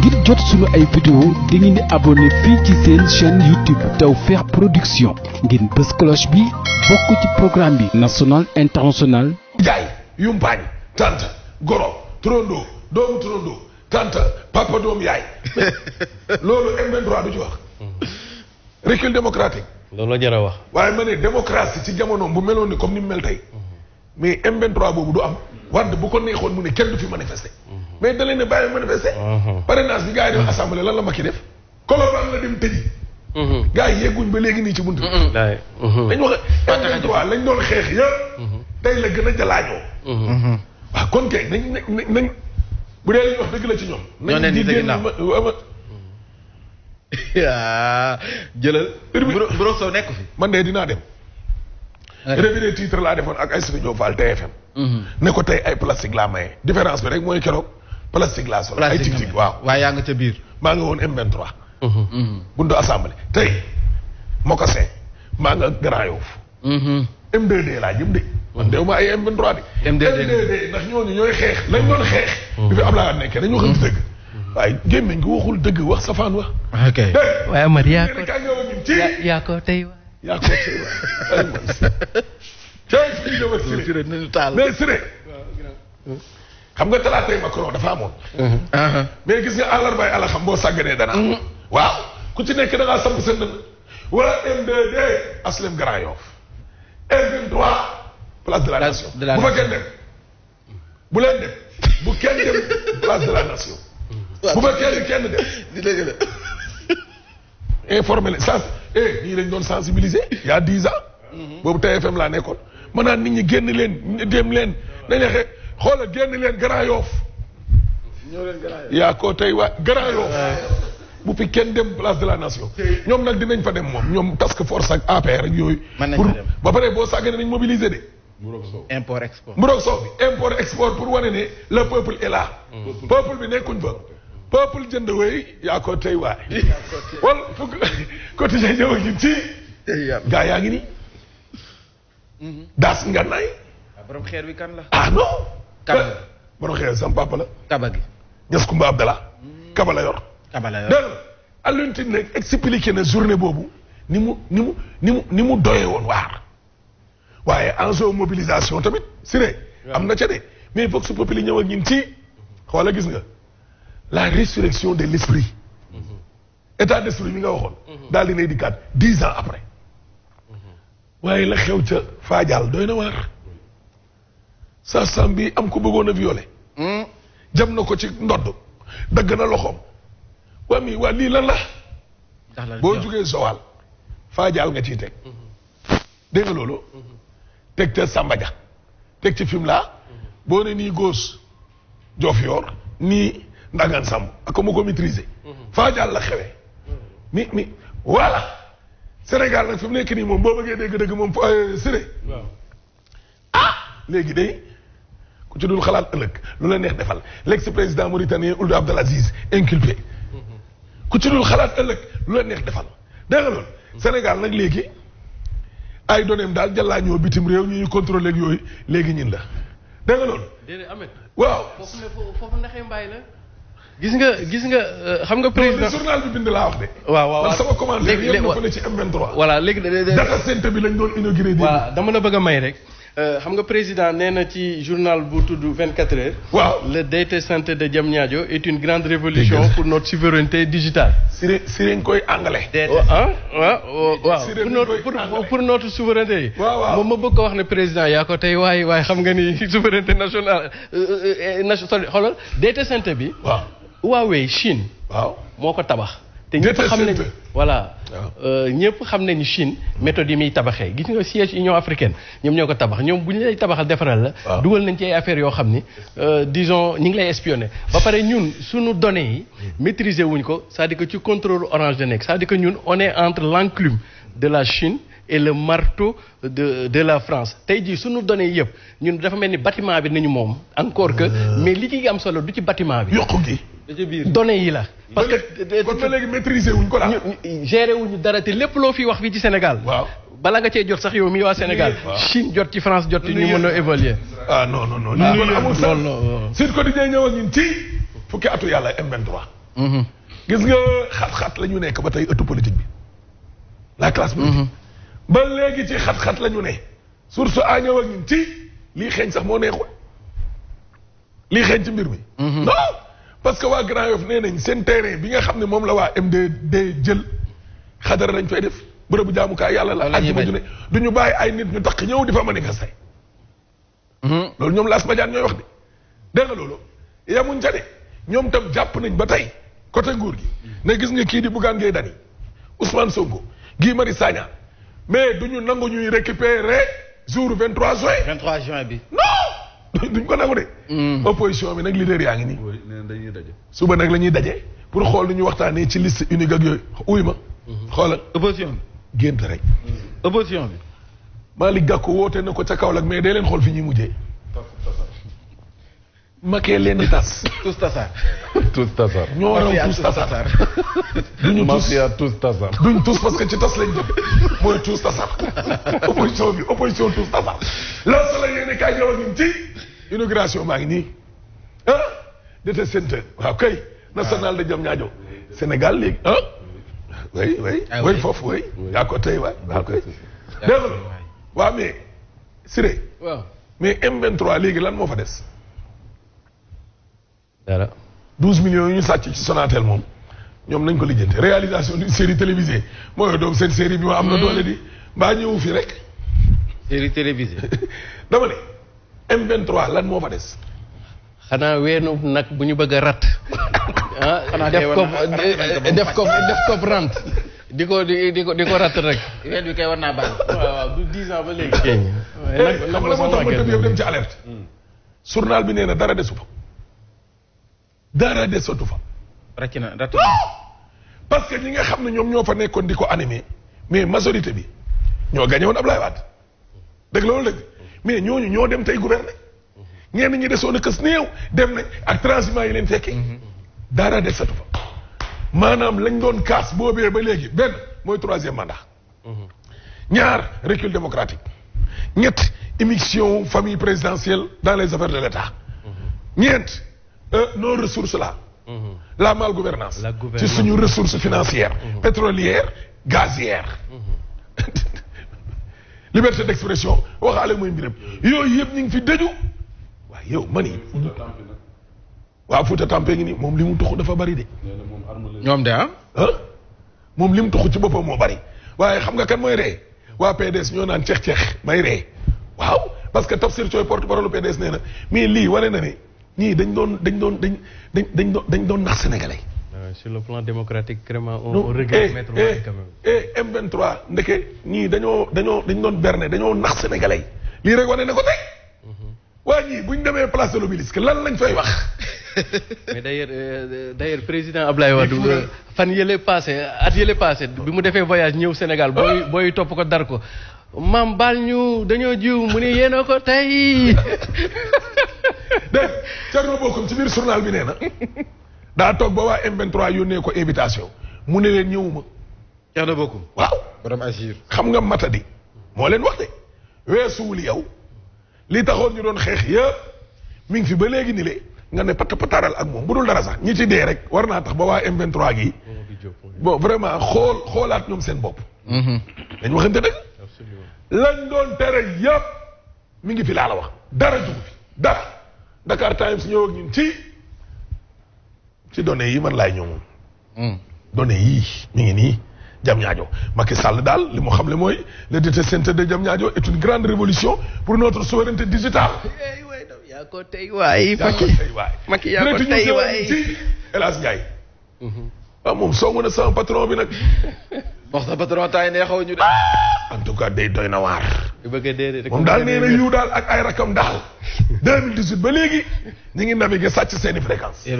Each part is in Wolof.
ngir jot sunu ay vidéo di ngeen di abonné fii ci seen chaîne YouTube Tawfekh Production ngeen bës cloche bi bokk ci programme bi national international gaay yumpaañ tant goro trondo doomu trondo tant papa doom yaay loolu M23 du ci wax recul démocratique loolu la jar wax waaye ma ne démocratie ci jamonoom bu meloon ni comme ni mu mel tey mais M23 boobu du am. Wade bu kon neexoon mu ne kenn du fi manifester. mais da leen ne bàyyi manifester. Mhm. parrainage bi gars yi def assemblée lan la Macky def. Colobane la dem tëji. Mhm. gars yi yegguñ ba léegi nii ci buntu. daay mhm. dañ wax M23 lañ doon xeex yëpp. tey la gën a jalaajoo. kon kay nañ bu dee li wax dëgg la ci ñoom. ñoo ne di dëgg naam jëlal. bureau bureau soo nekk fi. man de dinaa dem. revue de titre laa defoon ak Aïssatou Diop Fall TFM mhm. ne ko tey ay plastique laa maye différence bi rek mooy keroog plastique laa sol ay tig tig waaw waaye yaa nga ca biir maa nga woon M23 mhm. mhm. bundu assemblée tey mocassin maa nga Grand Yoff M2D laa jëm de man dew ma ay M23 de M2D ndax ñooñu ñooy xeex lañ doon xeex bi fi Abdoulaye nekkee dañu waxante dëgg waaye gémmiñ gi waxul dëgg wax safaan wax ok waaye Amar yaa ko yaa ko tey yaa ko sëy waay man si Siré nañu taal mais Siré xam nga talaatay Macron dafa amoon uh-huh. mais gis nga àllarbaay ala xam boo sàgganee dana uh-huh. waaw ku ci nekk da ngaa samp seen dënn wala M2D aslem Grand Yoff M23 place de la nation bu fa kenn dem bu leen dem bu kenn dem place de la nation bu fa kenn kenn dem di dëgg la informé leen eh ñii lañ doon sensibiliser y a dix ans. boobu TFM laa nekkoon. ma naan nit ñi génn leen dem leen nañ xee xoolal génn leen Grand Yoff. yaa ko tey waa Grand Yoff. bu fi kenn dem place de la nation. ñoom nag dinañ fa dem moom ñoom parce que force ak APR ak yooyu. pour ba pare boo sàggee nañ mobiliser de. Mburok Sow import export. Mburok pour wane ne le peuple est là. Mm. peuple bi nekkuñ fa. peuple jënd wéy yaa ko tey waay wal fukk quotidien ñëw ak ci gaa yaa ngi ni daas nga nay ah, xeer wi kan la ah non kaba borom xeer sam papa la kaba gi ñas kumba abdallah kaba yor kaba la yor dégg na journée boobu ni mu ni mu ni mu ni mu doyee woon waar waaye enjeu mobilisation tamit si ré am na ca de mais vox populi ñëw ak ñun ci xoola gis nga la résurrection de l'esprit mhm. état d'esprit bi nga waxoon mhm. daal dinay dikkaat dix ans après mhm. waaye la xew ca faajaal doy na waar sa sam bi am ko bëggoon a hmm? jam na ko ci ndodd dagg na loxoom waa mii waa lii lan la boo jógee sowaal faajaal nga ciy teg dégg loolu teg ca Samba teg ci film laa boo ne nii góos Diofior nii ndangaan sàmm ak ko ma ko maîtriser. faa jàll la xewee. mi mi voilà Sénégal nag fi mu nekk nii moom boo bëggee dégg dëgg moom euh, Siré. ah léegi de ku ci dul xalaat ëllëg lu la neex defal l'ex président mauritanien Ould Abdelaziz inculpé. ku ci dul xalaat ëllëg lu la neex defal dégg nga Sénégal nag léegi ay doneem daal jàllaa ñoo bitim réew ñuy contrôler yooyu léegi ñin la dégg waaw foofu ne foofu ndaxee gis nga gis nga euh, xam nga président journal bi bind laa wax de. waaw waaw man sama commentaire yëpp na fële ci M23. voilà léegi data center bi lañ doon inauguré. voilà dama la bëgg a may rek. Euh, xam nga président nee na ci journal bu tudd 24 heures. waaw le data center de Diamniadio est une grande révolution pour notre souveraineté digitale. Siré Siré nga koy anglais. Oh, ah waaw oh, waaw pour notre pour notre souveraineté. waaw waaw moom ma bëgg ko wax ne président yaa ko tey waaye waaye xam nga ni souveraineté nationale euh, na xoolal data center bi. waaw. Huawei Chine. waaw moo ko tabax. te ñëpp xam nañu voilà euh, ñëpp xam nañu Chine méthode yi muy tabaxee gis nga siège Union africaine ñoom ñoo ko tabax ñoom bu ñu lay tabaxal defaral la. dugal nañ ci ay affaires yoo xam ni euh, dison ñu ngi lay espionné ba pare ñun suñu données yi. maîtriser wuñ ko c'est-à-dire ci contrôle orange de nekk c'est-à-dire ñun on est entre l'enclume de la Chine. et le marteau de la France tey jii suñu données yëpp ñun dafa mel ni bâtiment bi nañu moom encore que euh. li ci am solo du ci bâtiment bi yokku gi données yi la. parce que kon ba léegi maîtriser wuñ ko la. géré wuñu dara te lépp loo fi wax fii ci Sénégal. waaw bala nga cee jot sax yow mi waa Sénégal. Chine jot ci France jot ci ñu mën a évaluer. ah non non non. lii kon amul sax Sud Quotidien ñëw ak ñun fukki atu yàlla M23. Mm-hmm. gis nga xat-xat la ñu nekk ba tey ëttu politique bi la classe politique. Mm-hmm. ba léegi ci xat-xat la ñu ne. source a ñëw ak ñun ci lii xeeñ sax moo neexul lii xeeñ ci mbir mi. Mm-hmm. parce que waa Grand Yoff nee nañ seen terrain bi nga xam ne moom la waa MDD jël xadara lañ fay def bërëbu jaamukaay yàlla la. la ñuy bañ àjjuma du ñu bàyyi ay nit ñu tax ñëw di fa manifester. Mm-hmm. loolu ñoom la Badiane ñooy wax de dégg nga loolu yamuñ ca ñoom itam jàpp nañ ba tey côté nguur gi mm-hmm. ne gis nga kii di Bougane Gueye Dany Ousmane Sonko Guy Marius Sagna mais du ñu nangu ñuy récupérer jour 23 juin. 23 juin bi non. duñ ko mm. bi nag leader yaa ngi nii. dañuy daje. suba nag la ñuy daje pour xool nu ñu waxtaanee ci liste unique ak yooyu uy ma. Mm-hmm. xoolal opposition bi. rek. Mm. opposition bi. Malick Gakou woote na ko ca Kaolack mais day leen xool fi ñuy mujjee. makee leen di tas. tous tasar. tous tasar. ñoo raw tous tasar. duñu tous mafia tous tasar. duñ tous parce que ci tas lañ jëm mooy tous tasar opposition bi opposition tous tasar. la soxla yéen a kaay inauguration maa ngi nii ah data center waaw kay national de Diamniadio Sénégal léegi ah oui ah oui oui foofu oui yaa ko tey waay waaw kay dégg nga waaw mais Siré waaw mais M23 léegi lan moo fa des dara douze millions yu ñu sàcc ci Sonatel moom ñoom nañ ko lijjanti réalisation d'une série télévisée mooy doom seen série bi ma am na hmm. doole di mbaa ñëwu fi rek série télévisée dama ne M23 lan moo fa des. xanaa weenu nag bu ñu bëgg a rat. ah def ko def ko def ko rant di ko di ko di ko rat rek. ween bi kay war naa bàyyi. waaw ba léegi. Eh, nag la moo tax ci alerte. journal bi nee na dara desu fa. dara desatu fa. ràcc na ràcc ah! parce que ñi nga xam ne ñoom ñoo fa nekkoon di ko animé mais majorité bi ñoo gagné woon Ablaye mais ñooñu ñoo dem tey gouverner ñenn ñi desoon a kës néew dem nañ ak transhumance yi leen fekki dara desatu fa maanaam lañ doon kaas boobee ba léegi benn mooy troisième mandat ñaar recul démocratique ñett immixtion famille présidentielle dans les affaires de l'État ñeent euh, nos ressources là mhm. la malgouvernance ci suñu ressources financières mhm. pétrolières gazières mhm. liberté d'expression waxaale mooy mbiram yooyu yëpp ñu ngi fi dëju waaw yow man yi waaw Fouta Tampe ngi nii moom li mu tuxu dafa bari de ñoom de ah moom li mu tuxu ci boppam moo bari waaye xam nga kan mooy ree waa PDS ñoo naan ceex ceex may ree waaw parce que Tafsir Thioye porte-parole PDS nee na mais lii waree na ne ñii dañ doon dañ doon dañ dañ dañ dañ doon nax sénégalais sur le plan démocratique vraiment on regrette eh, mettre eh, quand même. et eh, m ñii dañoo dañoo dañ doon berné dañoo nax sénégalais yi lii rek wane na ko tey. Mhm. waa ñii bu ñu demee place de l'Obélisque lan lañ fay wax. mais d'ailleurs euh, d'ailleurs lay wax Wade euh, fan yële passé at yële passé bi mu defee voyage ñëw Sénégal booy ah. booy topp ko dar ko maam baal ñu dañoo jiw mu ni yéenoo ko tey. dégg nga Thierno Bocoum ci biir journal bi nee na. daa toog ba waa M23 yónnee ko invitation mu ne leen ñëwuma. jeex na bokkum waaw. borom Agir xam nga matadi. moo leen wax de weesuwul yow li taxoon ñu doon xeex yëpp mi ngi fi ba léegi ni le nga ne pat pataaral ak moom bu dul dara sax ñi ci dee rek war naa tax ba waa M23 gi bon vraiment xool xoolaat ñoom seen bopp. Mhm. dañ waxante dëgg. lañ doon tere yëpp mi ngi fi laa la wax dara jugu fi dara Dakar Times ñëw ñun ci. ci donnée yi man laay ñëw moom. données yii mi ngi nii Diamniadio Macky Sall daal li mu xam le mooy le data center de Diamniadio est une grande révolution pour notre souveraineté digitale. yaa ko tey waay. yaa ko tey waay Macky yaa ko tey waay ci El Hadj Ndiaye. Mm-hmm. ah moom song na sama patron bi nag. wax sa patron taay neexaw ñu de. Ah! en tout cas day doy na waar. moom daal nee daal ak ay rakam daal. 2018 ba léegi ñu ngi navigué sàcc seen i fréquence. Eh,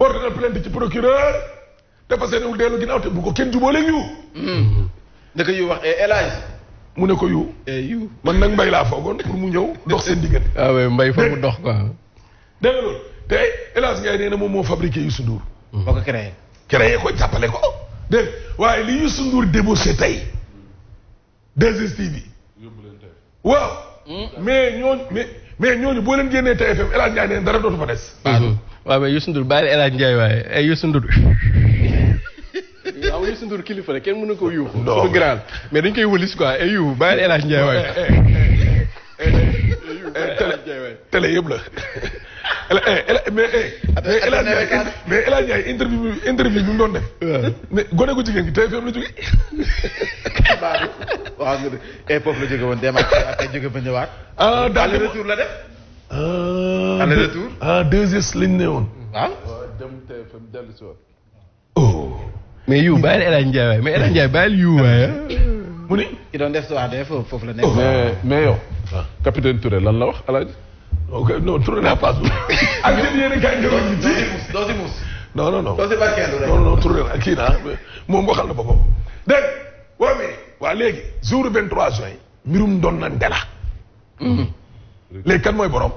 porte na plainte ci procureur dafa seenewul dellu ginnaaw te bu ko kenn jubóoleeg yu. ndaka yu wax eh, El Hadj. mu ne ko yu. Eh, yu man nag mbay laa mu ñëw dox seen diggante. Ah mbay fa mu dox quoi. te El Hadj Ngaye na moom moo fabriqué Youssou Ndour. moo ko créé. créé ko jàppale ko. dégg waaye li Youssou Ndour débauché tey 2STV bi. waaw. Hmm. mais ñooñu mais mais ñooñu boo leen génnee TFM El Hadj Ngaye dara dootu fa des. waaw mais Youssou Ndour bàyyi El Hadj Ndiaye waaye ay Youssou Ndour waaw Youssou Ndour kilifa kenn mën na koo yuuxu. non grand mais dañ koy wëlis quoi ay yuuxu bàyyi El Hadj Ndiaye waaye. télé yëpp la. mais El Hadj Ndiaye mais El Hadj mu doon def. mais gone ko jigéen gi tey fii la jógee. waaw waaw nga de foofu la jógee woon dem ak tey jóge ba ñëwaat. ah daal retour la def. Euh, aller retour ah deux heures lañ ne woon. waaw. Ah. dem TFM dellu si waat. oh. mais yu bàyyil El Hadj Ndiaye waaye mais El Hadj Ndiaye bàyyil yu waaye. Ah. mu ni. ki doon def si waat foofu la nekk. Oh. mais mais yow. Ah. capitaine Touré lan la wax El Hadj. ok non Touré naa paas. ak yéen yéen a kaay ñëwoon ci. doo si muus non non non. doo si barkeel rek non non Touré la kii naa moom waxal na boppam. dégg nga waa mais waa léegi jour 23 juin. mbirum doon na ndela. Mhm. léegi kan mooy borom.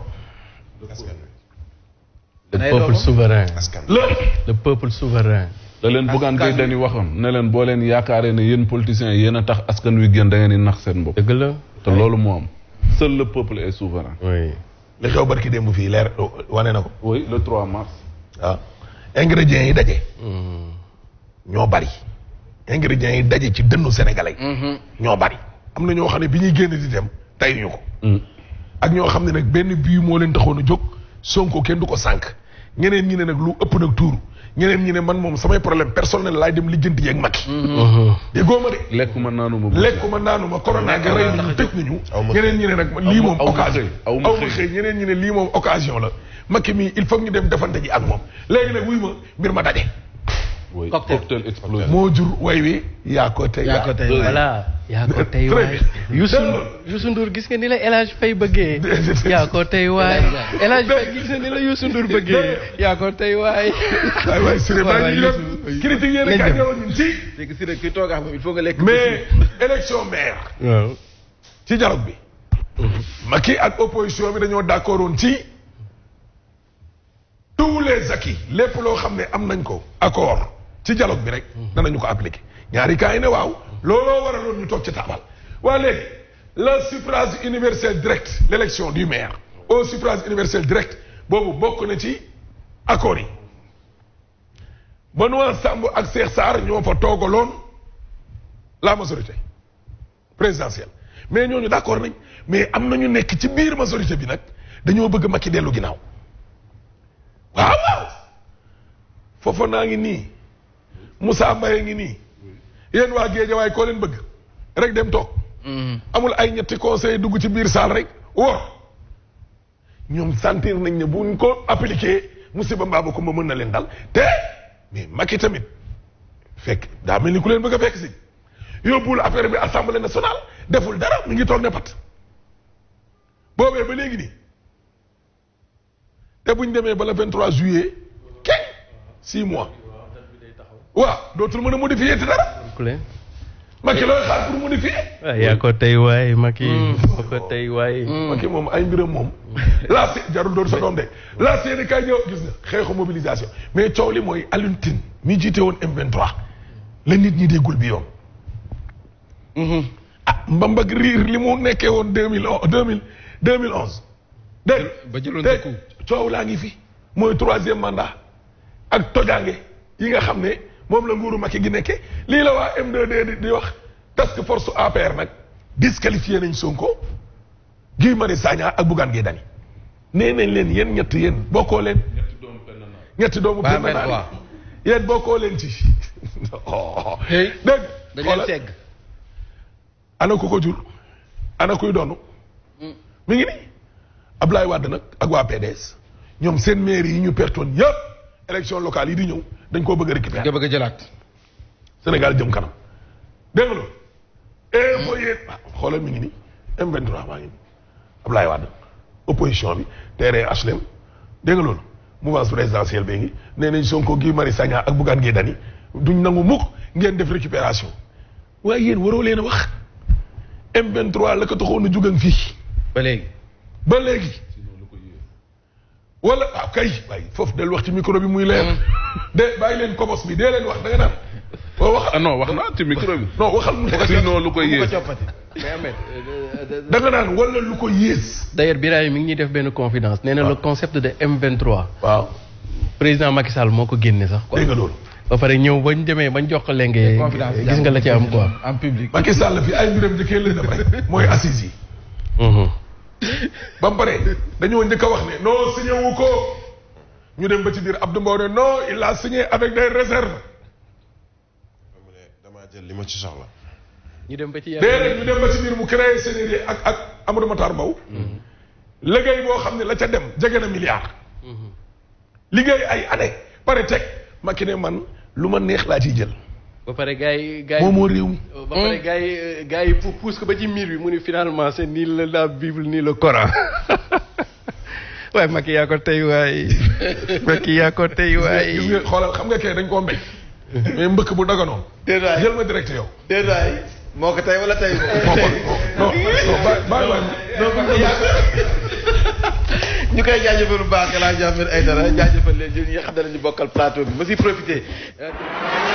le peuple souverain. le souverain. da leen buggaan gay dañuy waxoon ne leen boo leen yaakaaree ne yéen politiciens yéen a tax askan wi génn da ngeen nax seen bopp. dëgg te loolu moom am. le peuple est souverain. oui. li xew barki démb fii leer wane na ko. oui le 3 mars. waaw ah. ingrédients yi daje. Mm-hmm. ñoo bari. ingrédients yi daje ci dënnu sénégalais. Mm-hmm. ñoo bari. am na ñoo xam ne bi ñuy génn di dem tayuñu ko. Mm. ak ñoo xam ne nag benn bii moo leen taxoon a jóg Sonko kenn du ko sànq ñeneen ñi ne nag lu ëpp nag tuuru ñeneen ñi ne man moom samay problème personnel laay dem lijjanti yeeg Macky. Mm-hmm. déggoo ma de. lekkuma naanuma ma lekkuma naanuma corona ga rey nañu tëj nañu. ñeneen ñi ne nag lii moom occasion aw ma xëy ñeneen ñi ne lii moom occasion la Macky mi il faut ñu dem defante ji ak moom léegi nag wuy ma mbir ma daje. cocktail cocktail explosion moo jur way wi yaa ko tey yaa yaa ko tey waay Youssou gis nga ni la El Hadj Faye bëggee yaa ko tey waay El Hadj Faye gis nga ni la Youssou bëggee yaa ko tey waay waay waay si c'est que maire ci dialogue bi mhm. Macky ak opposition bi dañoo d'accord woon ci tous les lépp loo xam ne am nañ ko accord ci dialogue bi rek. Mhm. danañu ko appliqué ñaari cas yi ne waaw. looloo waraloon ñu toog ci taabal. waa léegi le suffrage universel direct l' élection du maire au suffrage universel direct boobu bokk na ci accord yi. Benoît Sambou ak Cheikh Sarr ñoo fa toogaloon la majorité présidentielle mais ñooñu d' accord nañ mais am na ñu nekk ci biir majorité bi nag dañoo bëgg ma Macky dellu ginnaaw waaw waaw foofa naa ngi nii. Moussa Mbaye ngi nii yéen waa Géeja waaye koo leen bëgg rek dem toog. Mm-hmm. amul ay ñetti conseil dugg ci biir saal rek wóor ñoom sentir nañ ne buñ ko appliqué musiba mbaaba ko ma mën na leen dal te mais Macky tamit fekk daa mel ku leen bëgg a fekk si yóbbul affaire bi assemblée national deful dara mu ngi toog ne pat boobee ba léegi nii te buñ demee ba le 23 juillet kenn 6 mois. waaw dootul mën a modifier te dara. Macky looy xaar pour modifier. Ah, yaa ko tey waaye Macky. Mm. yaa tey waay. Mm. moom ay mbiram moom. laas jarul doon sa doom de laas yéen kay ñëw gis nga xeexu mobilisation mais coow li mooy Alioune Tine jiite woon M23 la nit ñi déggul bi yoon. Mm-hmm. ah Mbambak riir li mu nekkee woon de mille deux mille deux mille onze. dégg ba jëloon dëkku coow laa ngi fi mooy troisième mandat ak tojaange yi nga xam ne. moom la nguuru Macky gi nekke lii la waa m di wax task force APR nag disqualifié nañ Sonko Guy Marius Sagna ak Bougane gi Dany nee nañ leen yéen ñett yéen bokkoo leen. ñetti doomu benn naar yéen bokkoo leen ci. dégg dañuy segg ana ku ko jur ana kuy doonu. Hmm. mi ngi ni Abdoulaye Wade nag ak waa PDS ñoom seen mairie yi ñu pertoon yëpp. élection locale yi di ñëw dañ koo bëgg a récupérer. dañ ko a Sénégal jëm kanam dégg nga loolu. eh mooy ah xoolal mi ngi nii M23 maa ngi nii Abdoulaye Wade opposition bi terrain HLM dégg nga loolu mouvance présidentielle bee ngi nee nañ Sonko Guy Marius Sagna ak Bougane Gueye Dany duñ nangu mukk ngeen def récupération waaye yéen waroo leen a wax M23 la ko taxoon a jugan fii. ba léegi ba léegi. wala waaw ah, kay waaye foofu del wax ci micro bi muy leer mm. de bàyyi leen komos bi dee leen wax da nga naan waaw ah, wax non lu koy yées euh, euh, da nga naan wala lu ko yées d'ailleurs Birahim mi ngi ñuy def benn confidence nee na ah. le concept de M23 waaw président Macky moo ko génne sax dégg nga loolu ba pare ñëw ñu demee bañ jox ko lenge gis nga la ci am quoi en public Macky Sall fi ay mbiram njëkkee leen def rek mooy assise yi mm-hmm. ba mu pare dañoo njëkk a wax ne non signé ko ñu dem ba ci biir Abdou Mbow ne non il a signé avec des réserves. jël li ma ci soxla. ñu dem ba ci déedéet ñu dem ba biir mu créé CNRI ak ak Amadou Matar Mbow. Mm-hmm. liggéey boo xam ne la ca dem jege na milliard. Mm-hmm. liggéey ay année pare teg ma ki man lu ma neex laa ciy jël. ba pare gars yi gars yi moom ba pare gars yi gars yi ko ba ci miir bi mu ni finalement c'est nii la la Bible ni le Coran waaye Macky yaa ko tey waay Macky yaa ko tey waay. gis nga xoolal xam nga kay dañ koo mbëkk bu daganoon. déedéet yow. moo ko tey wala tey. non ñu koy jaajëfal laa baax El Hadj Ahmed Aïdara jaajëfal leen ñi nga xam bokkal plateau bi ma si profité.